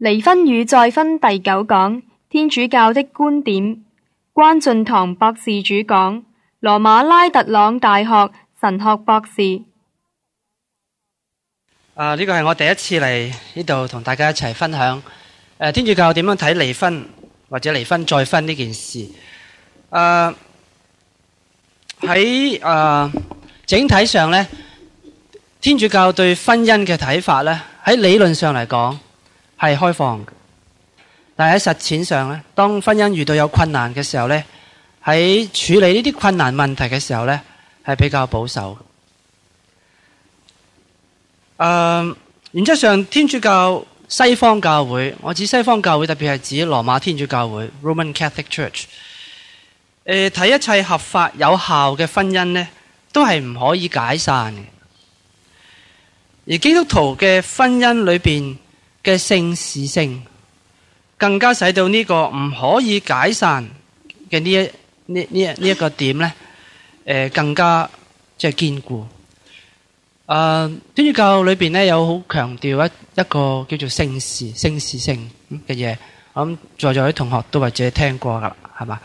離婚與再婚第九講，天主教的觀點。關俊棠博士主講，羅馬拉特朗大學神學博士。啊、呃，呢個係我第一次嚟呢度同大家一齊分享。誒、呃，天主教點樣睇離婚或者離婚再婚呢件事？誒、呃，喺誒、呃、整體上咧，天主教對婚姻嘅睇法咧，喺理論上嚟講。係開放，但係喺實踐上咧，當婚姻遇到有困難嘅時候咧，喺處理呢啲困難問題嘅時候咧，係比較保守。嗯、呃，原則上天主教西方教會，我指西方教會，特別係指羅馬天主教會 （Roman Catholic Church）、呃，誒，睇一切合法有效嘅婚姻咧，都係唔可以解散嘅。而基督徒嘅婚姻裏邊，嘅聖事性，更加使到呢個唔可以解散嘅呢一呢呢一呢一個點咧，誒、呃，更加即係堅固。誒，天主、uh, 教裏面咧有好強調一一個叫做聖事、聖事性嘅嘢，我諗在座啲同學都或者聽過噶啦，係嘛？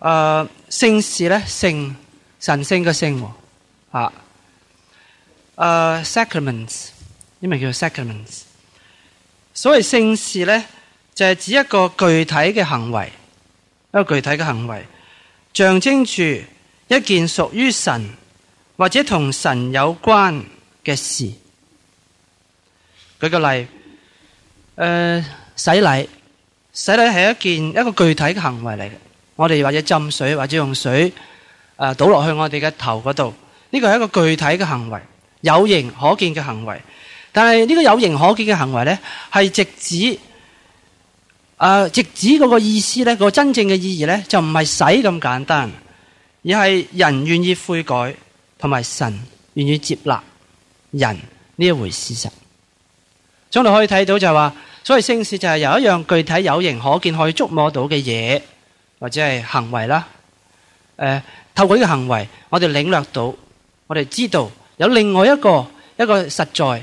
誒、uh,，聖事咧，聖神聖嘅聖喎，啊，誒、uh,，sacraments，英文叫做 sacraments，所謂聖事呢，就係指一個具體嘅行為，一個具體嘅行為，象徵住一件屬於神或者同神有關嘅事。舉個例，誒，洗禮，洗禮係一件一個具體嘅行為嚟嘅。我哋或者浸水，或者用水誒倒落去我哋嘅頭嗰度，呢個係一個具體嘅行為，有形可見嘅行為。但係呢，這個有形可見嘅行為咧，係直指誒、呃，直指嗰個意思咧，嗰個真正嘅意義咧，就唔係使咁簡單，而係人願意悔改，同埋神願意接納人呢一回事實。從度可以睇到就係話，所謂聖事就係由一樣具體有形可見可以觸摸到嘅嘢，或者係行為啦。誒、呃，透過呢個行為，我哋領略到，我哋知道有另外一個一個實在。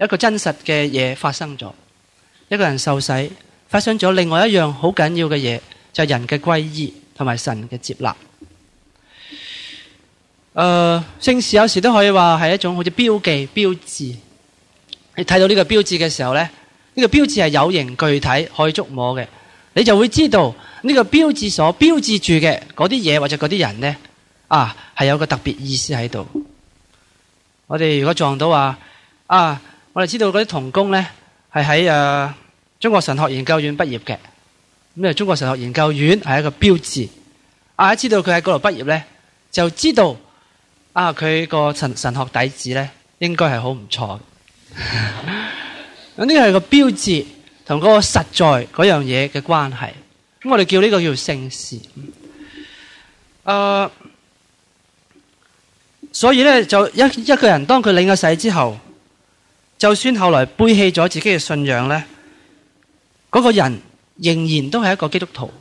一個真實嘅嘢發生咗，一個人受洗，發生咗另外一樣好緊要嘅嘢，就係、是、人嘅歸依同埋神嘅接納。誒、呃，聖事有時都可以話係一種好似標記標誌。你睇到呢個標誌嘅時候咧，呢、這個標誌係有形具體可以捉摸嘅，你就會知道呢、這個標誌所標誌住嘅嗰啲嘢或者嗰啲人呢，啊，係有個特別意思喺度。我哋如果撞到話，啊！我哋知道嗰啲童工咧，係喺誒中國神學研究院畢業嘅。咁啊，中國神學研究院係一個標誌。啊，知道佢喺嗰度畢業咧，就知道啊，佢個神神學底子咧，應該係好唔錯。咁呢個係個標誌同嗰個實在嗰樣嘢嘅關係。咁我哋叫呢個叫做聖事。誒，所以咧就一一個人當佢領咗洗之後。就算後來背棄咗自己嘅信仰呢，嗰個人仍然都係一個基督徒，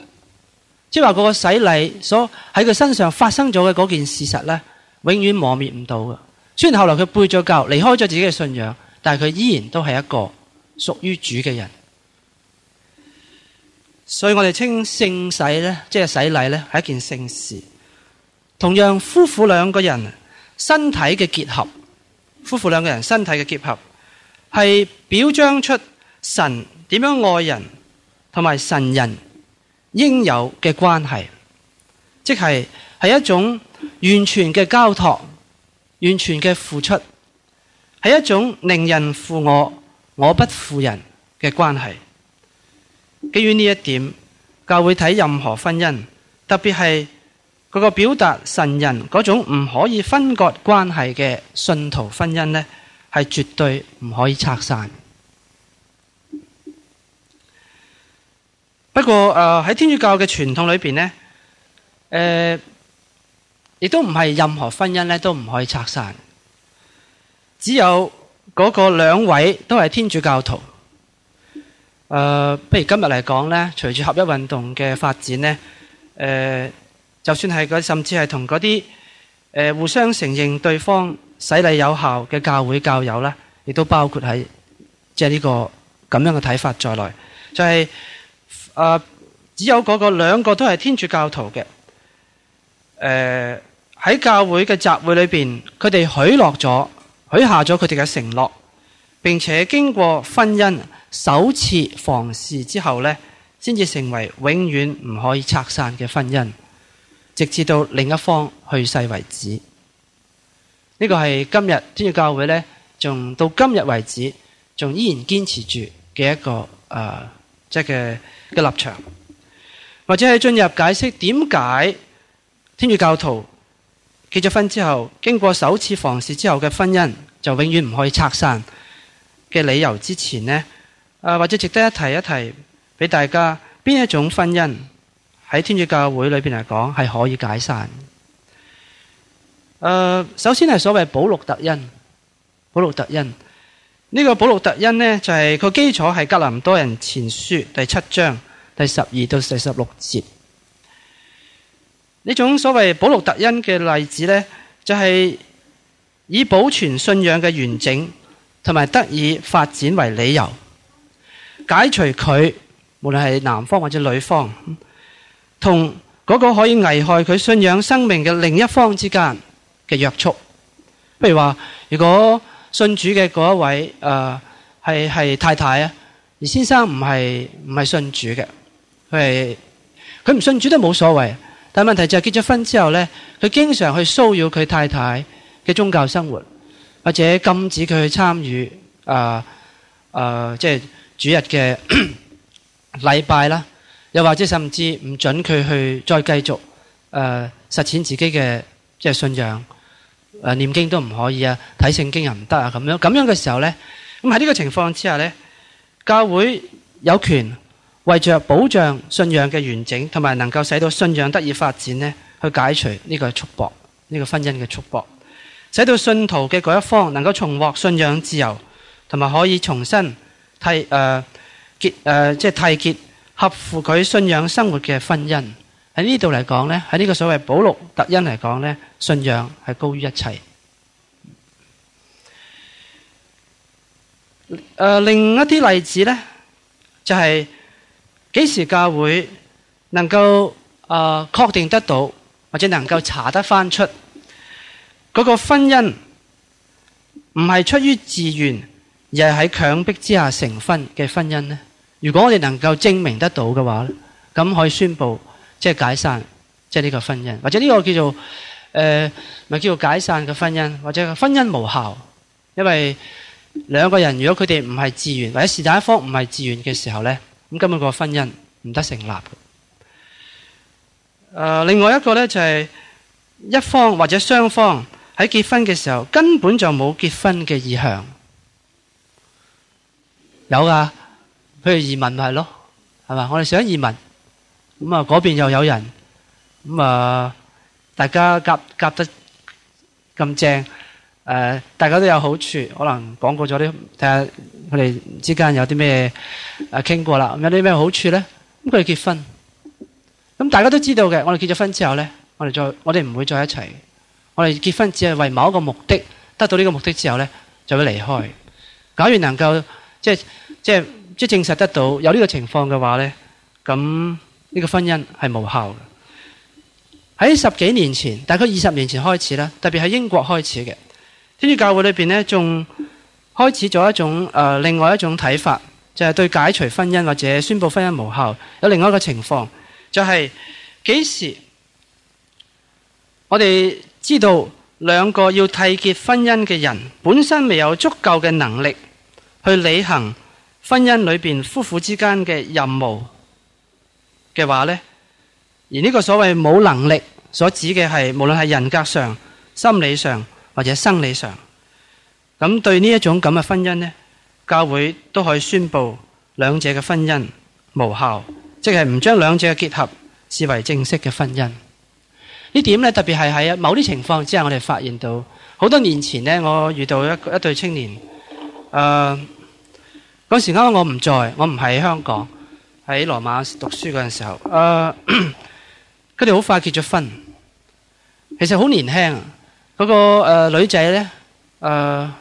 即係話嗰個洗禮所喺佢身上發生咗嘅嗰件事實呢，永遠磨滅唔到嘅。雖然後來佢背咗教，離開咗自己嘅信仰，但係佢依然都係一個屬於主嘅人。所以我哋稱聖洗呢，即係洗禮呢，係一件聖事。同樣，夫婦兩個人身體嘅結合，夫婦兩個人身體嘅結合。係表彰出神點樣愛人同埋神人應有嘅關係，即係係一種完全嘅交託、完全嘅付出，係一種寧人負我，我不負人嘅關係。基於呢一點，教會睇任何婚姻，特別係佢個表達神人嗰種唔可以分割關係嘅信徒婚姻呢，係絕對唔可以拆散。不過誒、喺、呃、天主教嘅傳統裏邊呢，誒、呃，亦都唔係任何婚姻咧都唔可以拆散。只有嗰個兩位都係天主教徒。誒、呃，不如今日嚟講咧，隨住合一運動嘅發展咧，誒、呃，就算係佢，甚至係同嗰啲誒互相承認對方。洗禮有效嘅教會教友呢，亦都包括喺即係呢、這個咁樣嘅睇法在內，就係、是、啊、呃、只有嗰、那個兩個都係天主教徒嘅，誒、呃、喺教會嘅集會裏邊，佢哋許諾咗，許下咗佢哋嘅承諾，並且經過婚姻首次房事之後呢，先至成為永遠唔可以拆散嘅婚姻，直至到另一方去世為止。呢個係今日天主教會呢，仲到今日為止，仲依然堅持住嘅一個誒、呃，即係嘅立場。或者喺進入解釋點解天主教徒結咗婚之後，經過首次房事之後嘅婚姻就永遠唔可以拆散嘅理由之前呢，誒、呃，或者值得一提一提俾大家邊一種婚姻喺天主教會裏邊嚟講係可以解散？呃、首先係所謂保祿特恩，保祿特恩呢、這個保祿特恩呢，就係、是、個基礎係格林多人前書第七章第十二到四十六節呢種所謂保祿特恩嘅例子呢，就係、是、以保存信仰嘅完整同埋得以發展為理由，解除佢無論係男方或者女方同嗰個可以危害佢信仰生命嘅另一方之間嘅約束，譬如話，如果信主嘅嗰一位誒係係太太啊，而先生唔係唔係信主嘅，佢係佢唔信主都冇所謂，但問題就係結咗婚之後咧，佢經常去騷擾佢太太嘅宗教生活，或者禁止佢去參與誒誒即係主日嘅禮 拜啦，又或者甚至唔准佢去再繼續誒、呃、實踐自己嘅即係信仰。念經都唔可以啊，睇聖經又唔得啊，咁樣咁樣嘅時候呢，咁喺呢個情況之下呢，教會有權為着保障信仰嘅完整，同埋能夠使到信仰得以發展呢，去解除呢個束縛，呢、這個婚姻嘅束縛，使到信徒嘅嗰一方能夠重獲信仰自由，同埋可以重新替誒、呃結，呃、即係締結合乎佢信仰生活嘅婚姻。喺呢度嚟講咧，喺呢個所謂保祿特恩嚟講咧，信仰係高於一切。誒，另一啲例子咧，就係幾時教會能夠誒確定得到，或者能夠查得翻出嗰個婚姻唔係出於自願，而係喺強迫之下成婚嘅婚姻咧？如果我哋能夠證明得到嘅話咧，咁可以宣布。即係解散，即係呢個婚姻，或者呢個叫做誒，咪叫做解散嘅婚姻，或者個婚姻無效，因為兩個人如果佢哋唔係自願，或者是但一方唔係自願嘅時候咧，咁根本個婚姻唔得成立。誒，另外一個咧就係一方或者雙方喺結婚嘅時候根本就冇結婚嘅意向，有㗎，譬如移民咪係咯，係嘛，我哋想移民。咁啊，嗰、嗯、邊又有人，咁、嗯、啊，大家夾夾得咁正，誒、呃，大家都有好處。可能講過咗啲，睇下佢哋之間有啲咩誒傾過啦、嗯，有啲咩好處咧？咁佢哋結婚，咁、嗯、大家都知道嘅。我哋結咗婚之後咧，我哋再，我哋唔會再一齊。我哋結婚只係為某一個目的，得到呢個目的之後咧，就會離開。假如能夠即係即係即係證實得到有呢個情況嘅話咧，咁。呢個婚姻係無效嘅。喺十幾年前，大概二十年前開始咧，特別喺英國開始嘅天主教會裏邊呢，仲開始咗一種誒、呃，另外一種睇法，就係、是、對解除婚姻或者宣布婚姻無效有另外一個情況，就係、是、幾時我哋知道兩個要締結婚姻嘅人本身未有足夠嘅能力去履行婚姻裏邊夫婦之間嘅任務。嘅話呢，而呢個所謂冇能力所指嘅係，無論係人格上、心理上或者生理上，咁對呢一種咁嘅婚姻呢，教會都可以宣布兩者嘅婚姻無效，即係唔將兩者嘅結合視為正式嘅婚姻。呢點呢，特別係喺某啲情況之下，我哋發現到好多年前呢，我遇到一個一對青年，誒、呃，嗰、那個、時啱啱我唔在，我唔喺香港。喺羅馬讀書嗰陣時候，誒佢哋好快結咗婚，其實好年輕。嗰、那個誒、呃、女仔咧，誒、呃、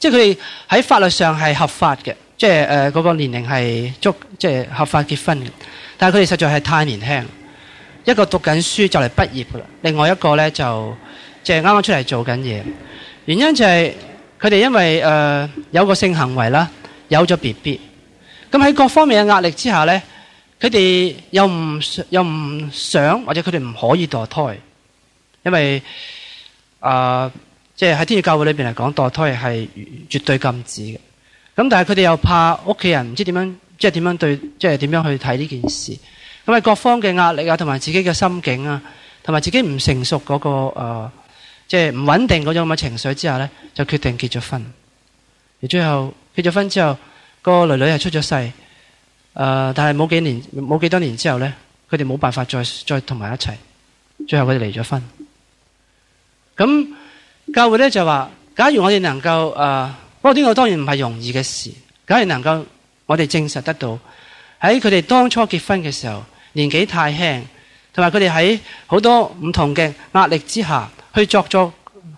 即係佢哋喺法律上係合法嘅，即係誒嗰個年齡係足，即係合法結婚嘅。但係佢哋實在係太年輕，一個讀緊書就嚟畢業噶啦，另外一個咧就即係啱啱出嚟做緊嘢。原因就係佢哋因為誒、呃、有個性行為啦，有咗 BB。咁喺各方面嘅壓力之下咧，佢哋又唔又唔想，或者佢哋唔可以墮胎，因為啊，即係喺天主教會裏邊嚟講，墮胎係絕對禁止嘅。咁但係佢哋又怕屋企人唔知點樣，即係點樣對，即係點樣去睇呢件事。咁喺各方嘅壓力啊，同埋自己嘅心境啊，同埋自己唔成熟嗰個啊，即係唔穩定嗰種咁嘅情緒之下咧，就決定結咗婚。而最後結咗婚之後。個女女係出咗世，誒、呃，但係冇幾年冇幾多年之後咧，佢哋冇辦法再再同埋一齊，最後佢哋離咗婚。咁、嗯、教會咧就話，假如我哋能夠誒，不過呢個當然唔係容易嘅事。假如能夠我哋證實得到，喺佢哋當初結婚嘅時候年紀太輕，同埋佢哋喺好多唔同嘅壓力之下，去作作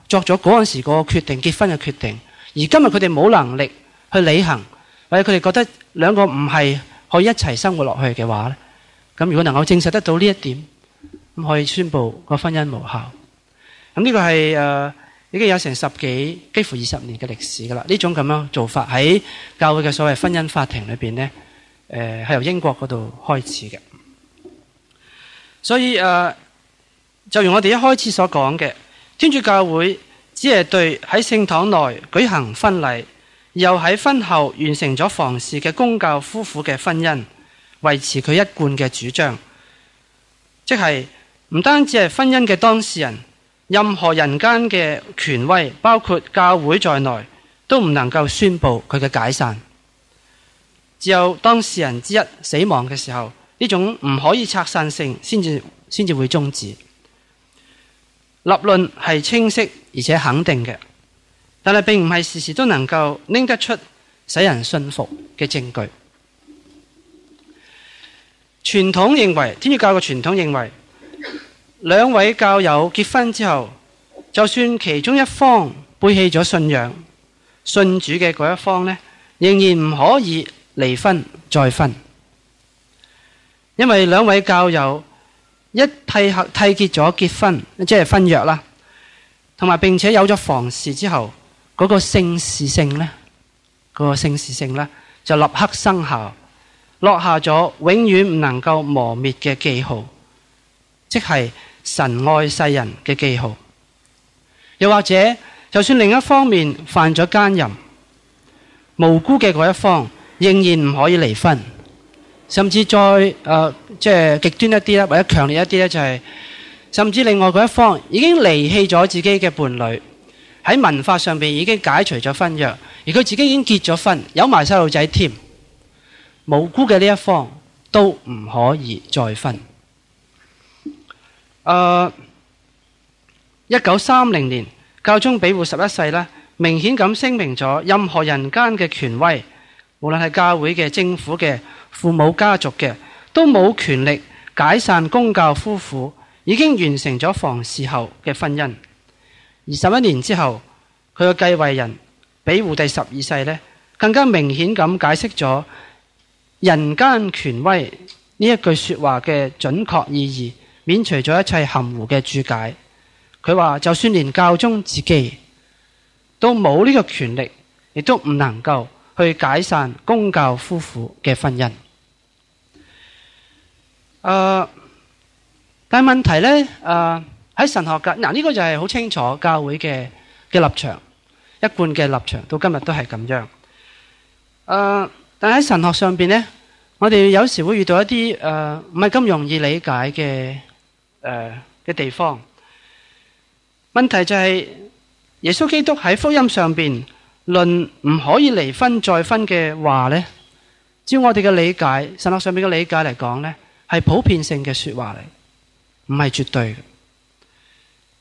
作咗嗰陣時個決定，結婚嘅決定，而今日佢哋冇能力去履行。或者佢哋覺得兩個唔係可以一齊生活落去嘅話咧，咁如果能夠證實得到呢一點，咁可以宣布個婚姻無效。咁呢個係、呃、已經有成十幾、幾乎二十年嘅歷史㗎喇。呢種咁樣做法喺教會嘅所謂婚姻法庭裏面呢，誒、呃、係由英國嗰度開始嘅。所以、呃、就如我哋一開始所講嘅，天主教會只係對喺聖堂內舉行婚禮。又喺婚後完成咗房事嘅公教夫婦嘅婚姻，維持佢一貫嘅主張，即係唔單止係婚姻嘅當事人，任何人間嘅權威，包括教會在內，都唔能夠宣布佢嘅解散。只有當事人之一死亡嘅時候，呢種唔可以拆散性先至先至會終止。立論係清晰而且肯定嘅。但係並唔係時時都能夠拎得出使人信服嘅證據。傳統認為，天主教嘅傳統認為，兩位教友結婚之後，就算其中一方背棄咗信仰，信主嘅嗰一方呢，仍然唔可以離婚再婚，因為兩位教友一替合締結咗結婚，即係婚約啦，同埋並且有咗房事之後。嗰個聖事性呢，嗰、嗰個聖事性咧，就立刻生效，落下咗永遠唔能夠磨滅嘅記號，即係神愛世人嘅記號。又或者，就算另一方面犯咗奸淫，無辜嘅嗰一方仍然唔可以離婚。甚至再誒，即係、呃、就係、極端一啲咧，或者強烈一啲咧、就係，就係甚至另外嗰一方已經離棄咗自己嘅伴侶。喺文化上邊已經解除咗婚約，而佢自己已經結咗婚，有埋細路仔添。無辜嘅呢一方都唔可以再婚。誒，一九三零年，教宗庇護十一世咧，明顯咁聲明咗，任何人間嘅權威，無論係教會嘅、政府嘅、父母家族嘅，都冇權力解散公教夫婦已經完成咗房事後嘅婚姻。而十一年之後，佢嘅繼位人庇護第十二世呢，更加明顯咁解釋咗人間權威呢一句説話嘅準確意義，免除咗一切含糊嘅注解。佢話，就算連教宗自己都冇呢個權力，亦都唔能夠去解散公教夫婦嘅婚姻。呃、但係問題咧，呃喺神學界，嗱、這、呢個就係好清楚教會嘅嘅立場，一貫嘅立場到今日都係咁樣。誒、呃，但喺神學上邊呢，我哋有時會遇到一啲誒唔係咁容易理解嘅誒嘅地方。問題就係、是、耶穌基督喺福音上邊論唔可以離婚再婚嘅話呢，照我哋嘅理解，神學上邊嘅理解嚟講呢係普遍性嘅說話嚟，唔係絕對。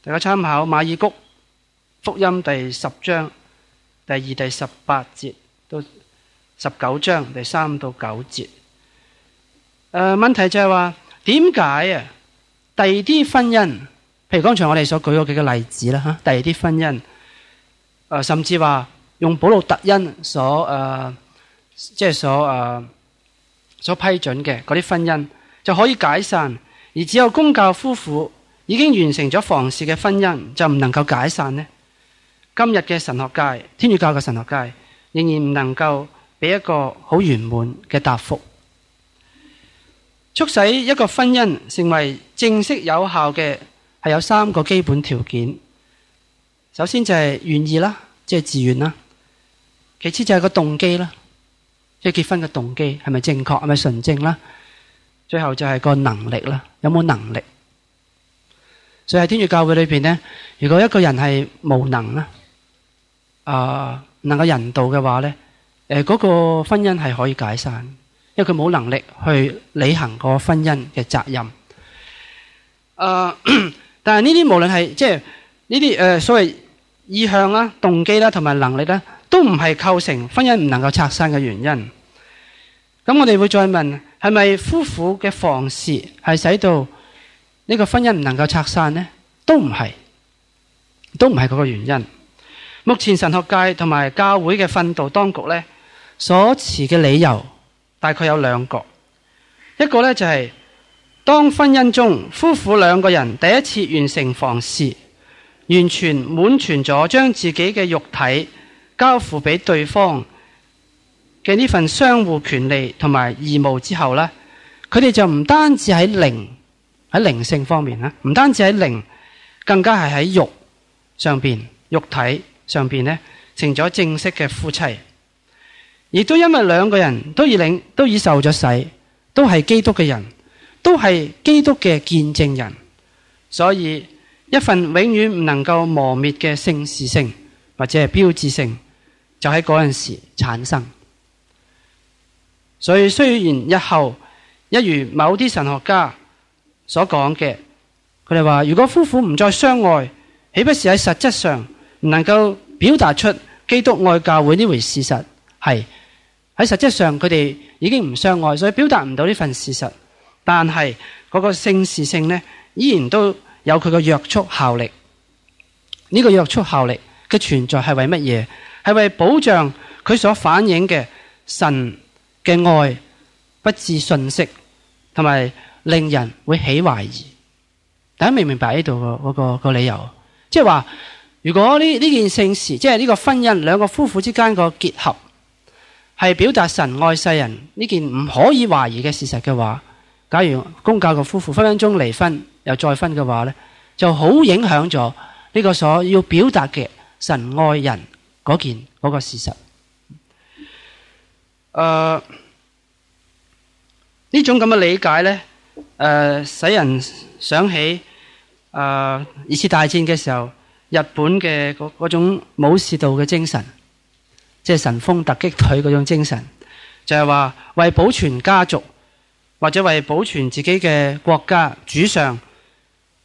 大家參考馬爾谷福音第十章第二第十八節到十九章第三到九節。誒、呃，問題就係話點解啊？第二啲婚姻，譬如剛才我哋所舉嗰幾個例子啦，吓、啊，第二啲婚姻，誒、呃，甚至話用保祿特恩所誒，即、呃、係、就是、所誒、呃，所批准嘅嗰啲婚姻就可以解散，而只有公教夫婦，已經完成咗房事嘅婚姻，就唔能夠解散呢？今日嘅神學界，天主教嘅神學界仍然唔能夠俾一個好圓滿嘅答覆促使一個婚姻成為正式有效嘅，係有三個基本條件。首先就係願意啦，即係自願啦；其次就係個動機啦，即係結婚嘅動機係咪正確，係咪純正啦？最後就係個能力啦，有冇能力？所以喺天主教會裏邊咧，如果一個人係無能啦，啊，能夠人道嘅話咧，誒，嗰個婚姻係可以解散，因為佢冇能力去履行個婚姻嘅責任。誒，但係呢啲無論係即係呢啲誒所謂意向啦、動機啦、同埋能力咧，都唔係構成婚姻唔能夠拆散嘅原因。咁我哋會再問，係咪夫婦嘅房事係使到？呢個婚姻唔能夠拆散呢，都唔係，都唔係嗰個原因。目前神學界同埋教會嘅訓導當局呢，所持嘅理由大概有兩個，一個呢，就係當婚姻中夫婦兩個人第一次完成房事，完全滿全咗將自己嘅肉體交付俾對方嘅呢份相互權利同埋義務之後呢，佢哋就唔單止喺靈。喺靈性方面啦，唔單止喺靈，更加係喺肉上邊，肉體上邊咧，成咗正式嘅夫妻。亦都因為兩個人都已領，都已受咗洗，都係基督嘅人，都係基督嘅見證人，所以一份永遠唔能夠磨滅嘅聖事性或者係標誌性，就喺嗰陣時產生。所以雖然日後一如某啲神學家。所講嘅，佢哋話如果夫婦唔再相愛，豈不是喺實質上唔能夠表達出基督愛教會呢回事實？係，喺實質上佢哋已經唔相愛，所以表達唔到呢份事實。但係嗰、那個性事性呢，依然都有佢個約束效力。呢、這個約束效力嘅存在係為乜嘢？係為保障佢所反映嘅神嘅愛不至遜色，同埋，令人會起懷疑，大家明唔明白呢度、嗰個、嗰個理由？即係話，如果呢呢件聖事，即係呢個婚姻，兩個夫婦之間個結合，係表達神愛世人呢件唔可以懷疑嘅事實嘅話，假如公教嘅夫婦分分鐘離婚又再婚嘅話呢就好影響咗呢個所要表達嘅神愛人嗰件嗰、嗰個事實。誒、呃，呢種咁嘅理解呢。誒、呃，使人想起誒、呃、二次大戰嘅時候，日本嘅嗰嗰種武士道嘅精神，即係神風突擊隊嗰種精神，就係、是、話為保存家族或者為保存自己嘅國家、主上，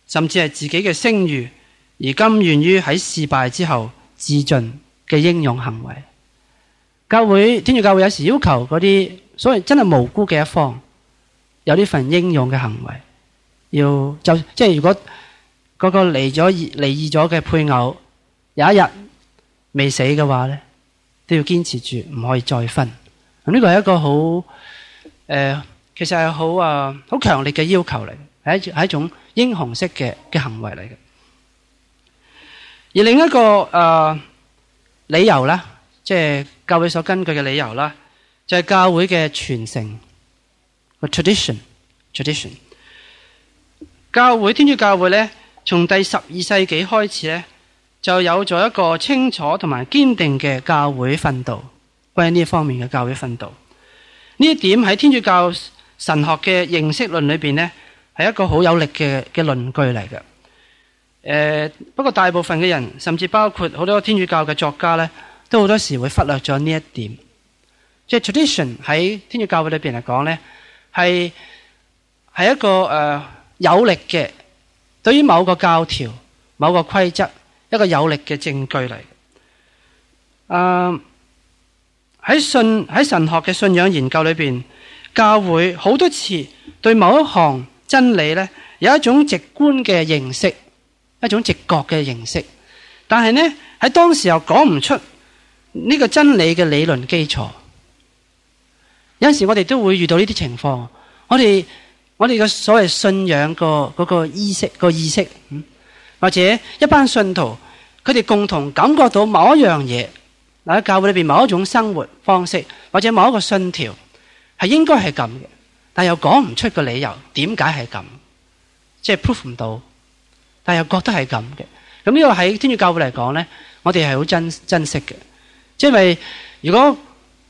甚至係自己嘅聲譽，而甘願於喺事敗之後自盡嘅英勇行為。教會天主教會有時要求嗰啲，所謂真係無辜嘅一方。有呢份英勇嘅行為，要就即係如果嗰個離咗離異咗嘅配偶有一日未死嘅話咧，都要堅持住唔可以再婚。咁、這、呢個係一個好誒、呃，其實係好啊，好、呃、強烈嘅要求嚟，係係一種英雄式嘅嘅行為嚟嘅。而另一個誒、呃、理由咧，即係教會所根據嘅理由啦，就係、是、教會嘅傳承。tradition，tradition，tradition，教會天主教會呢，從第十二世紀開始呢，就有咗一個清楚同埋堅定嘅教會訓導，關於呢方面嘅教會訓導。呢一點喺天主教神學嘅認識論裏邊呢，係一個好有力嘅嘅論據嚟嘅。誒、呃，不過大部分嘅人，甚至包括好多天主教嘅作家呢，都好多時會忽略咗呢一點。即係 tradition 喺天主教會裏邊嚟講呢，係一個誒、呃、有力嘅，對於某個教條、某個規則一個有力嘅證據嚟。誒、呃、喺信喺神學嘅信仰研究裏邊，教會好多次對某一項真理咧有一種直觀嘅認識，一種直覺嘅認識，但係呢，喺當時又講唔出呢個真理嘅理論基礎。有陣時我哋都會遇到呢啲情況，我哋我哋個所謂信仰個嗰個意識個意識，或者一班信徒佢哋共同感覺到某一樣嘢，喺教會裏邊某一種生活方式或者某一個信條係應該係咁嘅，但又講唔出個理由點解係咁，即係 proof 唔到，但又覺得係咁嘅，咁呢個喺天主教會嚟講呢，我哋係好珍珍惜嘅，即係如果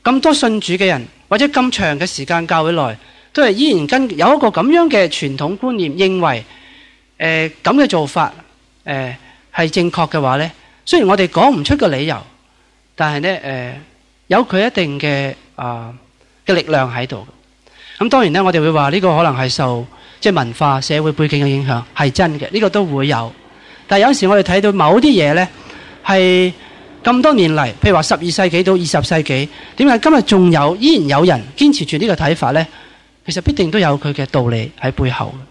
咁多信主嘅人。或者咁長嘅時間教會內，都係依然跟有一個咁樣嘅傳統觀念，認為誒咁嘅做法誒係、呃、正確嘅話呢。雖然我哋講唔出個理由，但係呢，誒、呃、有佢一定嘅啊嘅力量喺度。咁、嗯、當然呢，我哋會話呢個可能係受即係文化社會背景嘅影響係真嘅，呢、呢個都會有。但有時我哋睇到某啲嘢呢係。咁多年嚟，譬如話十二世紀到二十世紀，點解今日仲有依然有人堅持住呢個睇法呢？其實必定都有佢嘅道理喺背後。誒、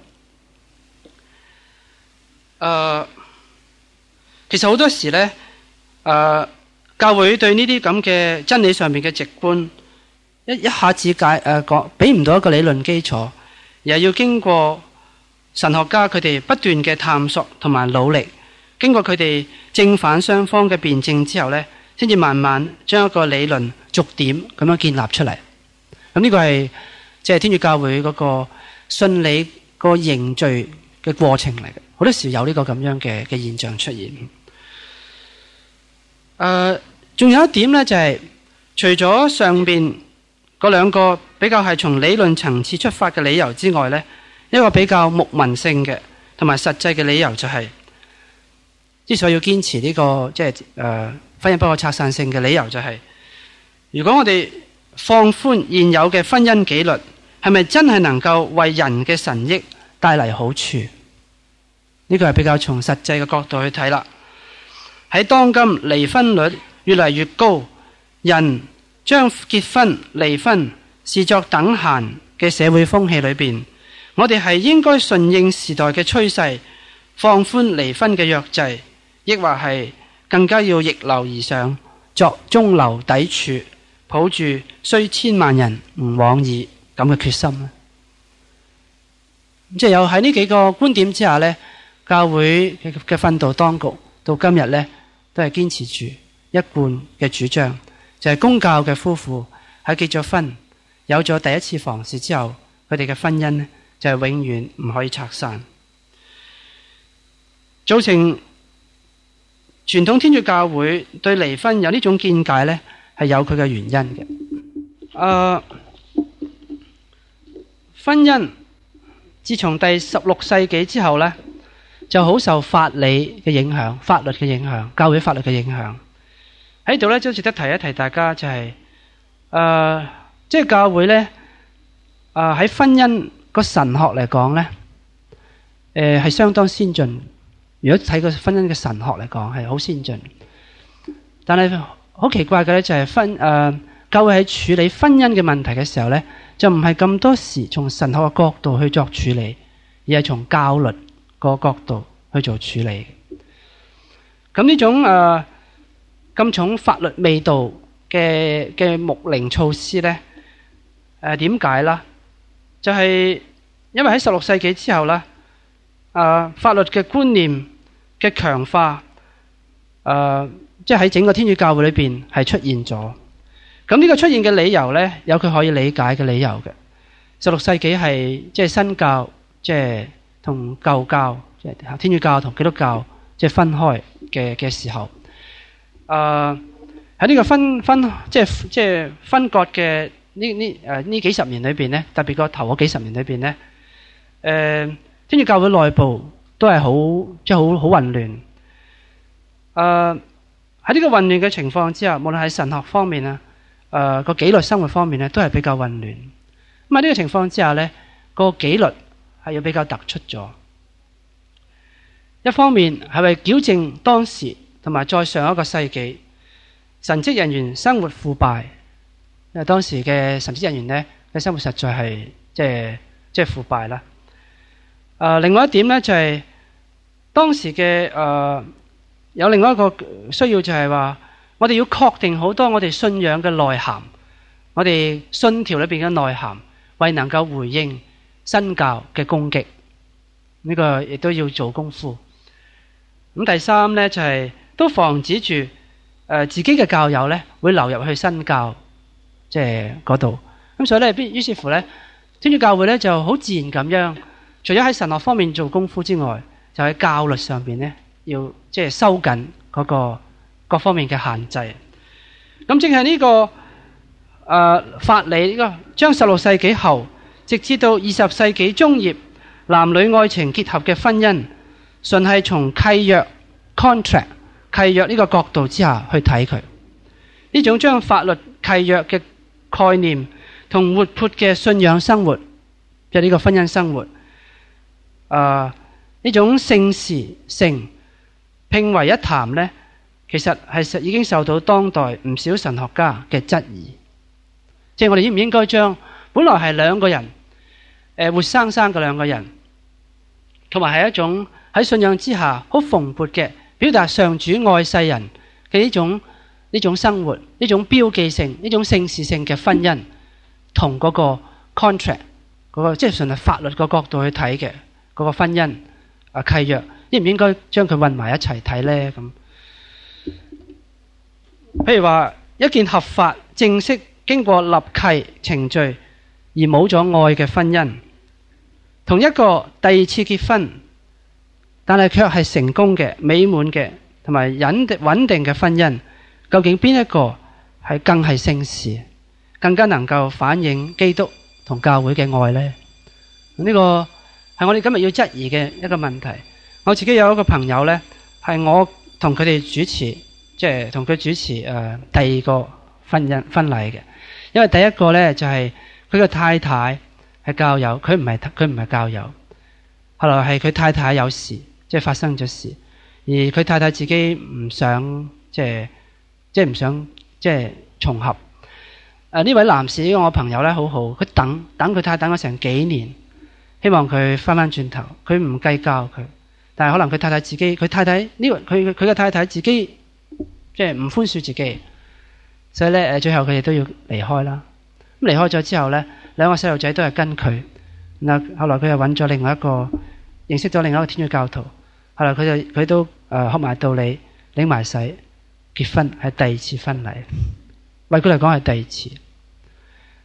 呃，其實好多時呢，誒、呃，教會對呢啲咁嘅真理上面嘅直觀，一一下子解誒講，俾、呃、唔到一個理論基礎，而係要經過神學家佢哋不斷嘅探索同埋努力。經過佢哋正反雙方嘅辯證之後呢，先至慢慢將一個理論逐點咁樣建立出嚟。咁、嗯、呢、這個係即係天主教會嗰、那個信理個凝聚嘅過程嚟嘅。好多時有呢個咁樣嘅嘅現象出現。誒、呃，仲有一點呢，就係、是、除咗上邊嗰兩個比較係從理論層次出發嘅理由之外呢，一個比較牧民性嘅同埋實際嘅理由就係、是。之所以要堅持呢、這個即係誒婚姻不可拆散性嘅理由，就是，就係如果我哋放寬現有嘅婚姻紀律，係咪真係能夠為人嘅神益帶嚟好處？呢、這個係比較從實際嘅角度去睇啦。喺當今離婚率越嚟越高，人將結婚離婚視作等閒嘅社會風氣裏邊，我哋係應該順應時代嘅趨勢，放寬離婚嘅約制，亦或係更加要逆流而上，作中流砥柱，抱住雖千萬人吾往矣咁嘅決心咧。即係有喺呢幾個觀點之下呢，教會嘅嘅訓導當局到今日呢，都係堅持住一貫嘅主張，就係、是、公教嘅夫婦喺結咗婚、有咗第一次房事之後，佢哋嘅婚姻呢，就係永遠唔可以拆散，組成。傳統天主教會對離婚有呢種見解呢，係有佢嘅原因嘅。啊、呃，婚姻自從第十六世紀之後呢，就好受法理嘅影響、法律嘅影響、教會法律嘅影響。喺度呢，就係值得提一提大家就係、係，誒、呃，即、就、係、係、教會呢，啊、呃、喺婚姻個神學嚟講呢，誒、呃、係相當先進。如果睇個婚姻嘅神學嚟講，係好先進，但係好奇怪嘅咧，就係婚誒教會喺處理婚姻嘅問題嘅時候咧，就唔係咁多時從神學嘅角度去作處理，而係從教律個角度去做處理。咁呢、嗯、種誒咁、呃、重法律味道嘅嘅牧靈措施咧，誒點解啦？就係、是、因為喺十六世紀之後咧。啊！法律嘅觀念嘅強化，誒、呃，即係喺整個天主教會裏邊係出現咗。咁呢個出現嘅理由咧，有佢可以理解嘅理由嘅。十六世紀係即係新教，即係同舊教，即係天主教同基督教即係分開嘅嘅時候。誒、呃，喺呢個分分即係即係分割嘅呢呢誒呢幾十年裏邊咧，特別過頭嗰幾十年裏邊咧，誒、呃。跟住教會內部都係好即係好好混亂，誒，喺呢個混亂嘅情況之下，無論喺神學方面啊，誒個紀律生活方面咧，都係比較混亂。咁喺呢個情況之下咧，呢個紀律係要比較突出咗。一方面係為矯正當時同埋再上一個世紀神職人員生活腐敗，因為當時嘅神職人員咧嘅生活實在係即係即係腐敗啦。誒、呃、另外一點咧，就係、是、當時嘅誒、呃、有另外一個需要，就係話我哋要確定好多我哋信仰嘅內涵，我哋信條裏邊嘅內涵，為能夠回應新教嘅攻擊，呢、這個亦都要做功夫。咁第三咧，就係、是、都防止住誒、呃、自己嘅教友咧，會流入去新教即係嗰度。咁、就是、所以咧，必於是乎咧，天主教會咧就好自然咁樣。除咗喺神學方面做功夫之外，就喺教律上邊咧，要即係、就是、收緊嗰、那個各方面嘅限制。咁正係呢、這個誒、呃、法理呢、這個將十六世紀後直至到二十世紀中葉男女愛情結合嘅婚姻，順係從契約 contract 契約呢個角度之下去睇佢。呢種將法律契約嘅概念同活潑嘅信仰生活，即、就、呢、是、個婚姻生活。啊！呢種聖事性拼為一談呢，其實係實已經受到當代唔少神學家嘅質疑。即、就、係、是、我哋應唔應該將本來係兩個人，誒、呃、活生生嘅兩個人，同埋係一種喺信仰之下好蓬勃嘅表達上主愛世人嘅呢種呢種生活，呢種標記性、呢種聖事性嘅婚姻，同嗰個 contract 嗰、那個即係純係法律個角度去睇嘅。嗰個婚姻、啊、契約，應唔應該將佢混埋一齊睇呢？譬如話一件合法、正式、經過立契程序而冇咗愛嘅婚姻，同一個第二次結婚，但係卻係成功嘅、美滿嘅同埋穩穩定嘅婚姻，究竟邊一個係更係聖事，更加能夠反映基督同教會嘅愛呢？呢、呢個係我哋今日要質疑嘅一個問題。我自己有一個朋友呢，係我同佢哋主持，即係同佢主持誒、呃、第二個婚姻婚禮嘅。因為第一個呢，就係佢嘅太太係教友，佢唔係佢唔係教友。後來係佢太太有事，即係發生咗事，而佢太太自己唔想，即係即係唔想，即係重合。誒、呃、呢位男士，我朋友呢，好好，佢等等佢太等咗成幾年。希望佢翻翻轉頭，佢唔計較佢，但係可能佢太太自己，佢太太呢個佢佢嘅太太自己，即係唔寬恕自己，所以咧誒，最後佢哋都要離開啦。咁離開咗之後咧，兩個細路仔都係跟佢。咁後來佢又揾咗另外一個，認識咗另外一個天主教徒。後來佢就佢都誒學埋道理，領埋洗，結婚係第二次婚禮，為佢嚟講係第二次。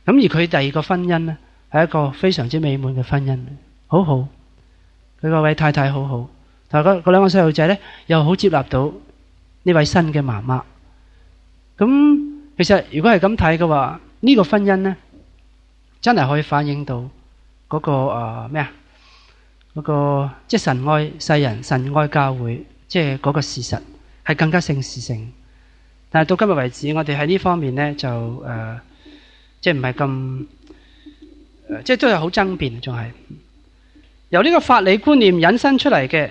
咁而佢第二個婚姻咧，係一個非常之美滿嘅婚姻，好好佢個位太太好好，但係嗰嗰兩個細路仔咧又好接納到呢位新嘅媽媽。咁、嗯、其實如果係咁睇嘅話，呢、這個婚姻咧真係可以反映到嗰、那個誒咩啊？嗰、呃那個即係神愛世人，神愛教會，即係嗰個事實係更加聖事性。但係到今日為止，我哋喺呢方面咧就誒、呃，即係唔係咁。即係都係好爭辯，仲係由呢個法理觀念引申出嚟嘅，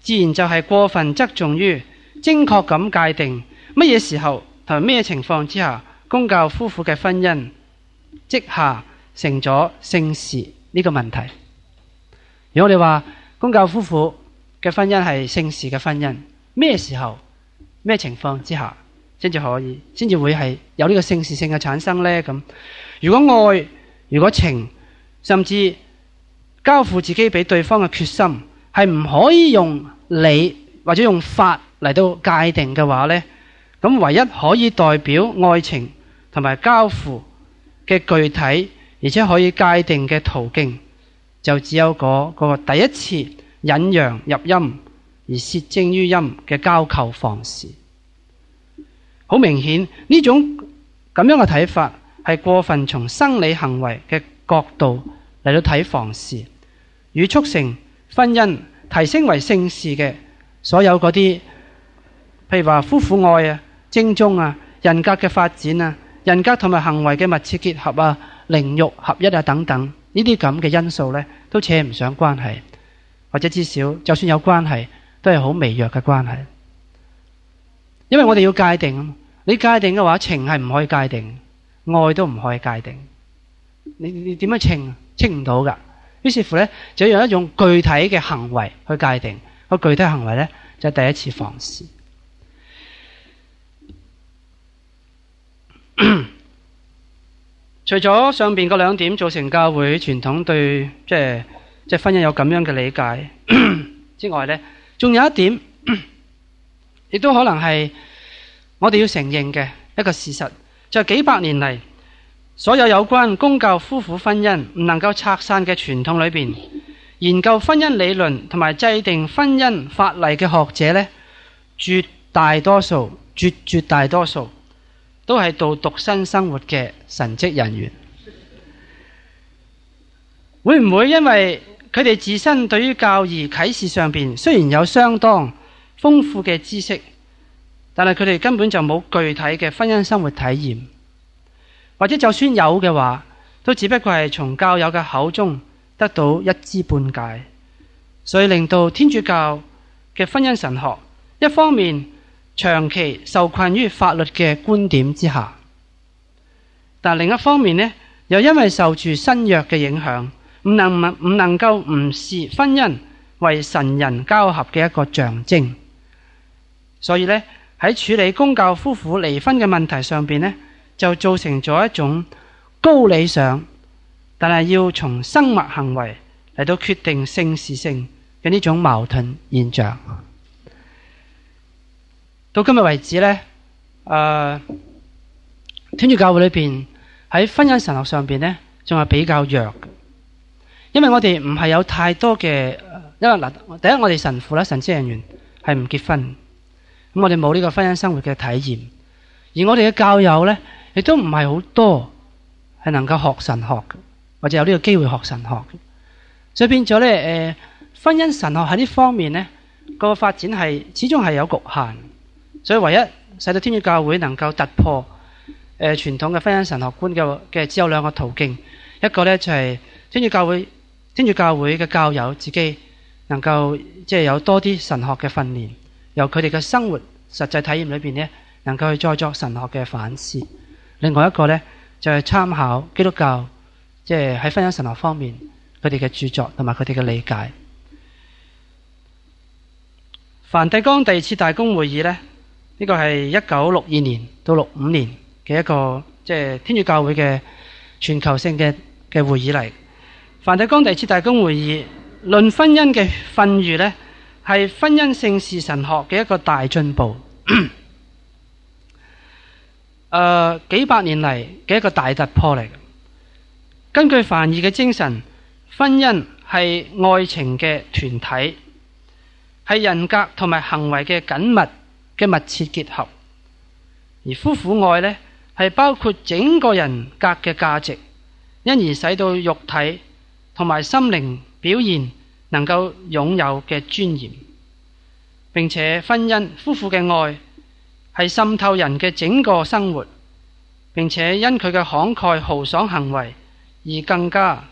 自然就係過分側重於精確咁界定乜嘢時候同咩情況之下，公教夫婦嘅婚姻即下成咗聖事呢個問題。如果你話公教夫婦嘅婚姻係聖事嘅婚姻，咩時候咩情況之下先至可以，先至會係有呢個聖事性嘅產生呢？咁如果愛。如果情甚至交付自己俾對方嘅決心係唔可以用理或者用法嚟到界定嘅話呢，咁唯一可以代表愛情同埋交付嘅具體而且可以界定嘅途徑，就只有嗰個第一次引陽入陰而泄精於陰嘅交媾方式。好明顯呢種咁樣嘅睇法，係過分從生理行為嘅角度嚟到睇房事，與促成婚姻提升為聖事嘅所有嗰啲，譬如話夫婦愛啊、貞忠啊、人格嘅發展啊、人格同埋行為嘅密切結合啊、靈肉合一啊等等呢啲咁嘅因素呢，都扯唔上關係，或者至少就算有關係，都係好微弱嘅關係。因為我哋要界定啊，你界定嘅話，情係唔可以界定。愛都唔可以界定，你你點樣稱啊？稱唔到噶。於是乎呢，就要用一種具體嘅行為去界定。個具體行為呢，就是、第一次房事。 除咗上邊嗰兩點造成教會傳統對即係即係婚姻有咁樣嘅理解 之外呢，仲有一點，亦 都可能係我哋要承認嘅一個事實。在幾百年嚟，所有有關公教夫婦婚姻唔能夠拆散嘅傳統裏邊，研究婚姻理論同埋制定婚姻法例嘅學者呢，絕大多數、絕絕大多數，都係度獨身生活嘅神職人員。會唔會因為佢哋自身對於教義啟示上邊，雖然有相當豐富嘅知識？但係佢哋根本就冇具體嘅婚姻生活體驗，或者就算有嘅話，都只不過係從教友嘅口中得到一知半解，所以令到天主教嘅婚姻神學一方面長期受困於法律嘅觀點之下，但另一方面呢，又因為受住新約嘅影響，唔能唔唔能夠唔視婚姻為神人交合嘅一個象徵，所以呢。喺處理公教夫婦離婚嘅問題上邊咧，就造成咗一種高理想，但係要從生物行為嚟到決定性是性嘅呢種矛盾現象。到今日為止咧，誒、呃，天主教會裏邊喺婚姻神學上邊咧，仲係比較弱，因為我哋唔係有太多嘅，因為嗱，第一我哋神父啦、神職人員係唔結婚。我哋冇呢個婚姻生活嘅體驗，而我哋嘅教友呢，亦都唔係好多係能夠學神學，或者有呢個機會學神學，所以變咗呢，誒、呃，婚姻神學喺呢方面呢，個發展係始終係有局限。所以唯一使到天主教會能夠突破誒、呃，傳統嘅婚姻神學觀嘅嘅，只有兩個途徑，一個呢，就係、是，天主教會，天主教會嘅教友自己能夠即係、就是，有多啲神學嘅訓練。由佢哋嘅生活實際體驗裏邊呢，能夠去再作神學嘅反思。另外一個呢，就係、是、參考基督教，即係喺婚姻神學方面佢哋嘅著作同埋佢哋嘅理解。梵蒂岡第二次大公會議呢，呢、這個係一九六二年到六五年嘅一個即係、就是、天主教會嘅全球性嘅嘅會議嚟。梵蒂岡第二次大公會議論婚姻嘅訓喻呢。係婚姻性事神學嘅一個大進步，誒、 呃，幾百年嚟嘅一個大突破嚟嘅。根據梵二嘅精神，婚姻係愛情嘅團體，係人格同埋行為嘅緊密嘅密切結合，而夫婦愛呢，係包括整個人格嘅價值，因而使到肉體同埋心靈表現。能夠擁有嘅尊嚴，並且婚姻夫婦嘅愛係滲透人嘅整個生活，並且因佢嘅慷慨豪爽行為而更加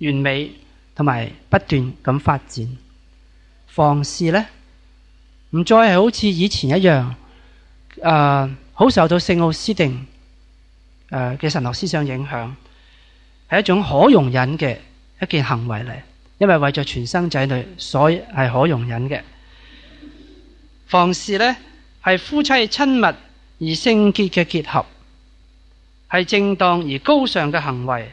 完美同埋不斷咁發展。房事咧，唔再係好似以前一樣，誒、呃，好受到聖奧斯定誒嘅神學思想影響，係一種可容忍嘅一件行為嚟。因為為咗全生仔女，所以係可容忍嘅。房事呢，係夫妻親密而聖潔嘅結合，係正當而高尚嘅行為，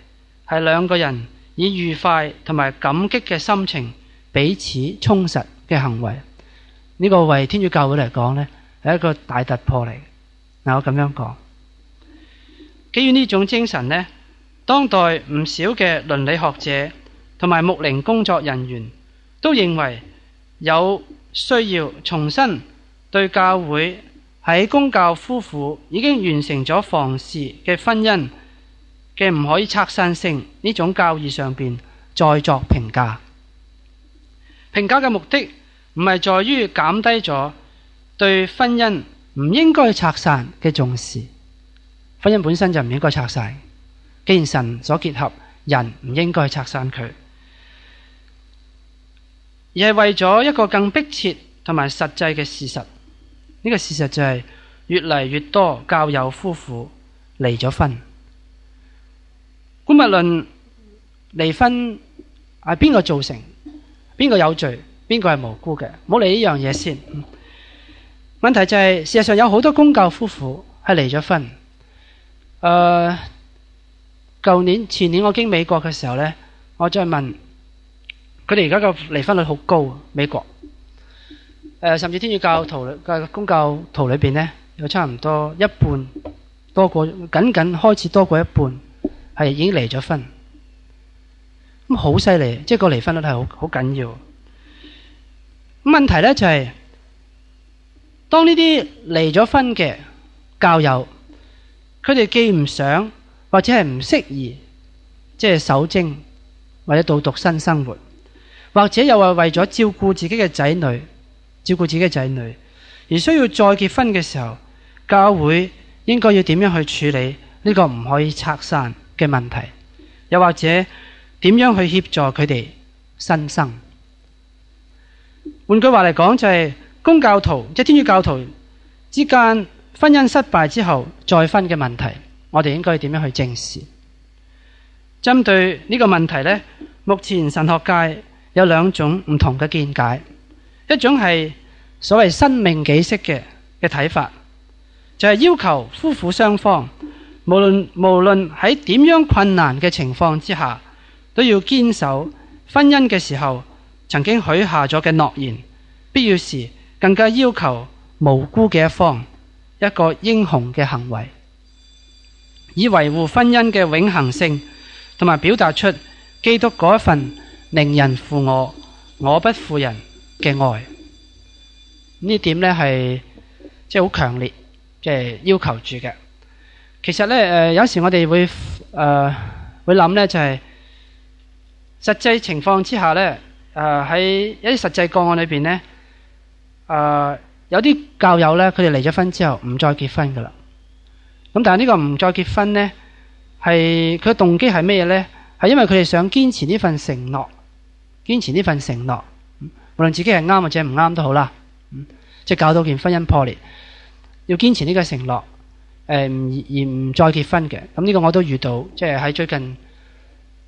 係兩個人以愉快同埋感激嘅心情彼此充實嘅行為。呢、這個為天主教會嚟講呢，係一個大突破嚟。嗱，我咁樣講，基於呢種精神呢，當代唔少嘅倫理學者。同埋牧靈工作人員都認為有需要重新對教會喺公教夫婦已經完成咗房事嘅婚姻嘅唔可以拆散性呢種教義上邊再作評價。評價嘅目的唔係在於減低咗對婚姻唔應該拆散嘅重視，婚姻本身就唔應該拆散，既然神所結合，人唔應該拆散佢。而係為咗一個更迫切同埋實際嘅事實，呢、這個事實就係越嚟越多教友夫婦離咗婚。姑勿論離婚係邊個造成？邊個有罪？邊個係無辜嘅？冇理呢樣嘢先。問題就係事實上有好多公教夫婦係離咗婚。誒、呃，舊年前年我經美國嘅時候咧，我再問。佢哋而家嘅離婚率好高，美國，誒、呃，甚至天主教徒嘅公教、教、教徒裏邊咧，有差唔多一半多過，僅僅開始多過一半，係已經離咗婚，咁好犀利，即、就、係、是、個離婚率係好好緊要。咁問題咧就係、是，當呢啲離咗婚嘅教友，佢哋既唔想或者係唔適宜，即係守貞或者到獨身生活。或者又話為咗照顧自己嘅仔女，照顧自己嘅仔女，而需要再結婚嘅時候，教會應該要點樣去處理呢個唔可以拆散嘅問題？又或者點樣去協助佢哋新生？換句話嚟講，就是，就係公教徒即、就是、天主教徒之間婚姻失敗之後再婚嘅問題，我哋應該要點樣去正視？針對呢個問題呢，目前神學界。有兩種唔同嘅見解，一種係所謂生命幾息嘅嘅睇法，就係、是、要求夫婦雙方無論無論喺點樣困難嘅情況之下，都要堅守婚姻嘅時候曾經許下咗嘅諾言，必要時更加要求無辜嘅一方一個英雄嘅行為，以維護婚姻嘅永恒性，同埋表達出基督嗰一份。寧人負我，我不負人嘅愛，呢點咧，係即係好強烈嘅要求住嘅。其實咧，誒、呃、有陣時我哋會誒、呃、會諗咧，就係、是、實際情況之下咧，誒、呃、喺一啲實際個案裏邊咧，誒、呃、有啲教友咧，佢哋離咗婚之後唔再結婚噶啦。咁但係呢個唔再結婚咧，係佢嘅動機係咩咧？係因為佢哋想堅持呢份承諾。堅持呢份承諾，無論自己係啱或者唔啱都好啦。嗯，即係搞到件婚姻破裂，要堅持呢個承諾，誒，而唔再結婚嘅。咁呢個我都遇到，即係喺最近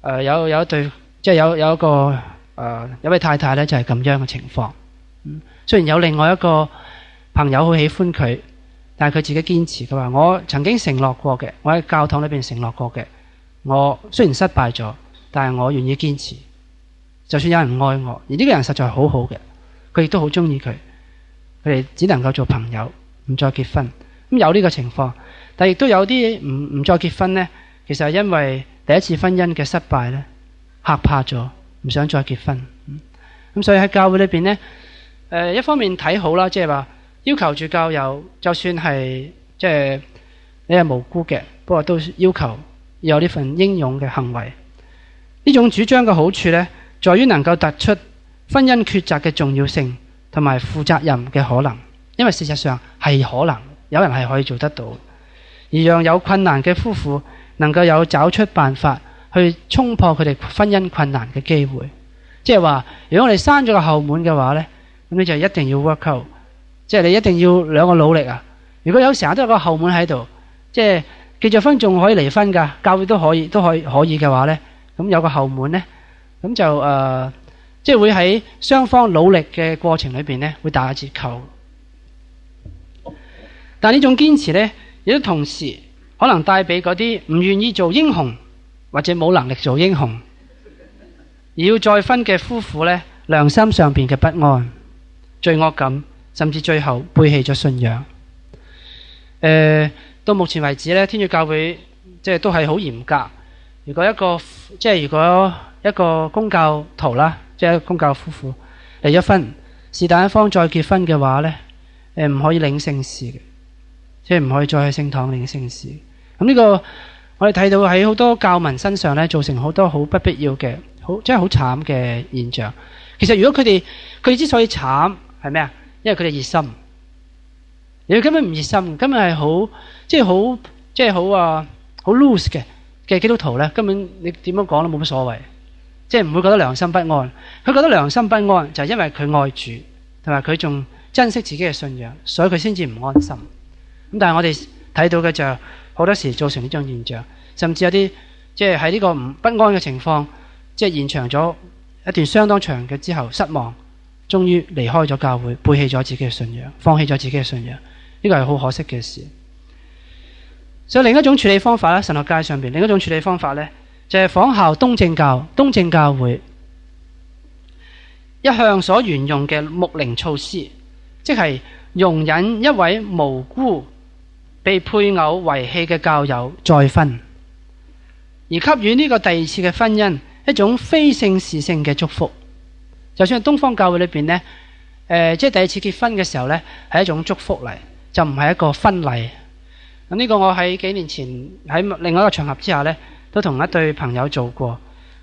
誒有有一對，即係有有一個誒有位太太呢，就係咁樣嘅情況。嗯，雖然有另外一個朋友好喜歡佢，但係佢自己堅持，佢話我曾經承諾過嘅，我喺教堂裏邊承諾過嘅，我雖然失敗咗，但係我願意堅持。就算有人愛我，而呢個人實在係好好嘅，佢亦都好中意佢，佢哋只能夠做朋友，唔再結婚。咁有呢個情況，但亦都有啲唔唔再結婚呢。其實係因為第一次婚姻嘅失敗呢，吓怕咗，唔想再結婚。咁所以喺教會裏邊呢，誒，一方面睇好啦，即係話要求住教友，就算係即係你係無辜嘅，不過都要求要有呢份英勇嘅行為。呢種主張嘅好處呢。在於能夠突出婚姻抉擇嘅重要性同埋負責任嘅可能，因為事實上係可能有人係可以做得到，而讓有困難嘅夫婦能夠有找出辦法去衝破佢哋婚姻困難嘅機會。即係話，如果我哋閂咗個後門嘅話呢，咁你就一定要 work out，即係你一定要兩個努力啊！如果有成日都有個後門喺度，即係結咗婚仲可以離婚㗎，教育都可以，都可以可以嘅話呢，咁有個後門呢。咁就誒，即、呃、係、就是、會喺雙方努力嘅過程裏邊呢，會打折扣。但呢種堅持呢，亦都同時可能帶俾嗰啲唔願意做英雄，或者冇能力做英雄而要再婚嘅夫婦呢，良心上邊嘅不安、罪惡感，甚至最後背棄咗信仰。誒、呃，到目前為止呢，天主教會即係都係好嚴格。如果一個即係、就是、如果，一個公教徒啦，即係一個公教夫婦離咗婚，是但一方再結婚嘅話咧，誒，唔可以領聖事嘅，即係唔可以再去聖堂領聖事。咁、這、呢個我哋睇到喺好多教民身上咧，造成好多好不必要嘅好，即係好慘嘅現象。其實如果佢哋佢之所以慘係咩啊？因為佢哋熱心，如果根本唔熱心，根本係好即係好即係好啊，好 loose 嘅嘅基督徒咧，根本你點樣講都冇乜所謂。即係唔會覺得良心不安，佢覺得良心不安就係因為佢愛主，同埋佢仲珍惜自己嘅信仰，所以佢先至唔安心。咁但係我哋睇到嘅就好多時造成呢種現象，甚至有啲即係喺呢個唔不安嘅情況，即係延長咗一段相當長嘅之後，失望，終於離開咗教會，背棄咗自己嘅信仰，放棄咗自己嘅信仰，呢個係好可惜嘅事。所以另一種處理方法咧，神學界上邊，另一種處理方法咧。就係仿效東正教、東正教會一向所沿用嘅牧靈措施，即係容忍一位無辜被配偶遺棄嘅教友再婚，而給予呢個第二次嘅婚姻一種非聖事性嘅祝福。就算喺東方教會裏邊呢，即係第二次結婚嘅時候呢，係一種祝福嚟，就唔係一個婚禮。咁、這、呢個我喺幾年前喺另外一個場合之下呢，都同一對朋友做過，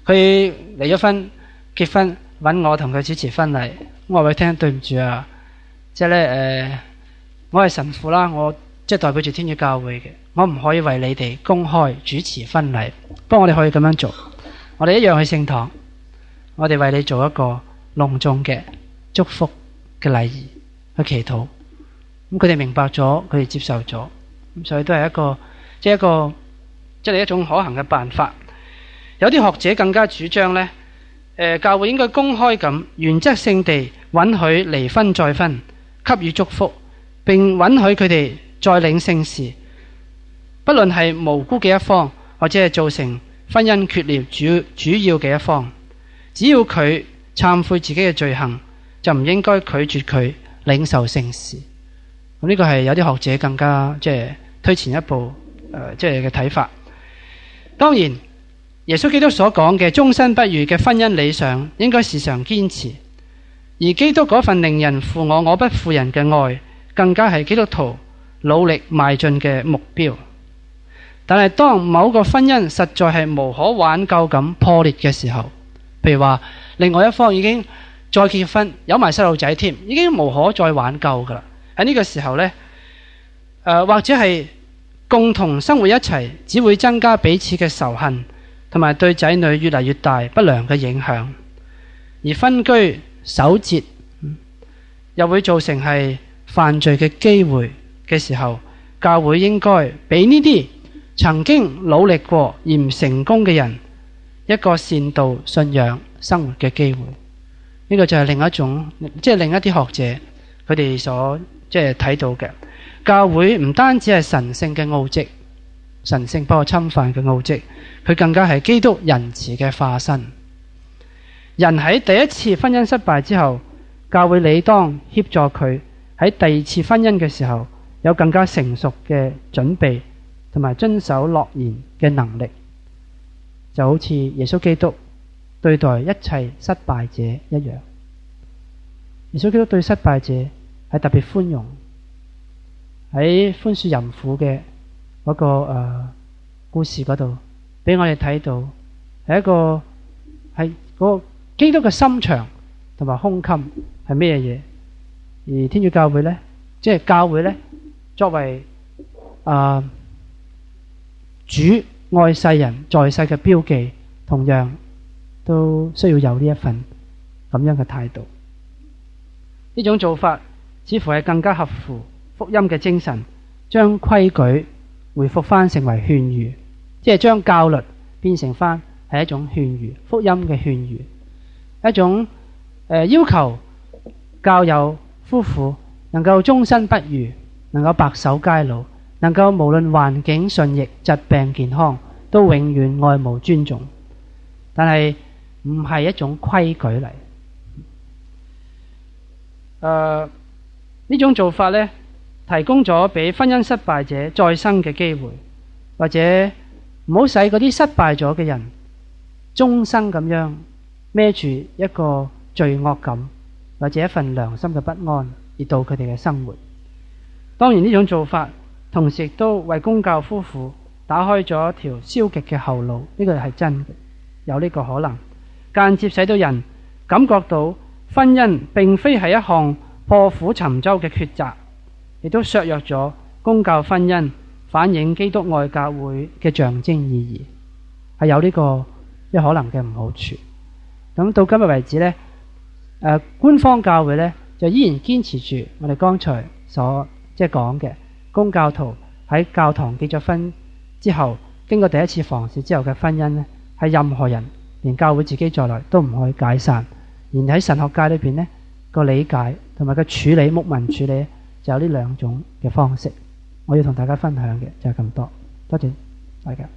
佢離咗婚，結婚揾我同佢主持婚禮，我話佢聽對唔住啊，即係咧誒，我係神父啦，我即係代表住天主教會嘅，我唔可以為你哋公開主持婚禮，不過我哋可以咁樣做，我哋一樣去聖堂，我哋為你做一個隆重嘅祝福嘅禮儀去祈禱，咁佢哋明白咗，佢哋接受咗，所以都係一個即係一個。即係一種可行嘅辦法。有啲學者更加主張呢誒，教會應該公開咁原則性地允許離婚再婚，給予祝福，並允許佢哋再領聖事。不論係無辜嘅一方，或者係造成婚姻決裂主主要嘅一方，只要佢懺悔自己嘅罪行，就唔應該拒絕佢領受聖事。咁呢個係有啲學者更加即係推前一步，誒、呃，即係嘅睇法。當然，耶穌基督所講嘅終身不渝嘅婚姻理想，應該時常堅持；而基督嗰份令人負我我不負人嘅愛，更加係基督徒努力邁進嘅目標。但係當某個婚姻實在係無可挽救咁破裂嘅時候，譬如話另外一方已經再結婚，有埋細路仔添，已經無可再挽救噶啦。喺呢個時候呢，誒、呃、或者係。共同生活一齊，只會增加彼此嘅仇恨，同埋對仔女越嚟越大不良嘅影響。而分居、守節，又會造成係犯罪嘅機會嘅時候，教會應該俾呢啲曾經努力過而唔成功嘅人一個善度信仰生活嘅機會。呢、這個就係另一種，即係另一啲學者佢哋所。即係睇到嘅，教會唔單止係神聖嘅奧蹟，神聖不可侵犯嘅奧蹟，佢更加係基督仁慈嘅化身。人喺第一次婚姻失敗之後，教會理當協助佢喺第二次婚姻嘅時候，有更加成熟嘅準備，同埋遵守諾言嘅能力，就好似耶穌基督對待一切失敗者一樣。耶穌基督對失敗者。係特別寬容，喺寬恕淫婦嘅嗰個誒、呃、故事嗰度，俾我哋睇到係一個係個基督嘅心腸同埋胸襟係咩嘢？而天主教會咧，即係教會咧，作為誒、呃、主愛世人，在世嘅標記，同樣都需要有呢一份咁樣嘅態度，呢種做法。似乎係更加合乎福音嘅精神，將規矩回復翻成為勸喻，即係將教律變成翻係一種勸喻。福音嘅勸喻，一種、呃、要求教友夫婦能夠終身不渝，能夠白首偕老，能夠無論環境順逆、疾病健康，都永遠愛慕尊重。但係唔係一種規矩嚟，誒、呃。呢種做法呢，提供咗俾婚姻失敗者再生嘅機會，或者唔好使嗰啲失敗咗嘅人終生咁樣孭住一個罪惡感，或者一份良心嘅不安而到佢哋嘅生活。當然呢種做法，同時亦都為公教夫婦打開咗條消極嘅後路，呢個係真嘅，有呢個可能，間接使到人感覺到婚姻並非係一項。破釜沉舟嘅抉擇，亦都削弱咗公教婚姻反映基督愛教會嘅象徵意義，係有呢、這個一可能嘅唔好處。咁到今日為止咧，誒，官方教會呢就依然堅持住我哋剛才所即係講嘅，公教徒喺教堂結咗婚之後，經過第一次房事之後嘅婚姻咧係任何人連教會自己在內都唔可以解散，而喺神學界裏邊呢個理解。同埋個處理，牧民處理就有呢兩種嘅方式，我要同大家分享嘅就係咁多，多謝大家。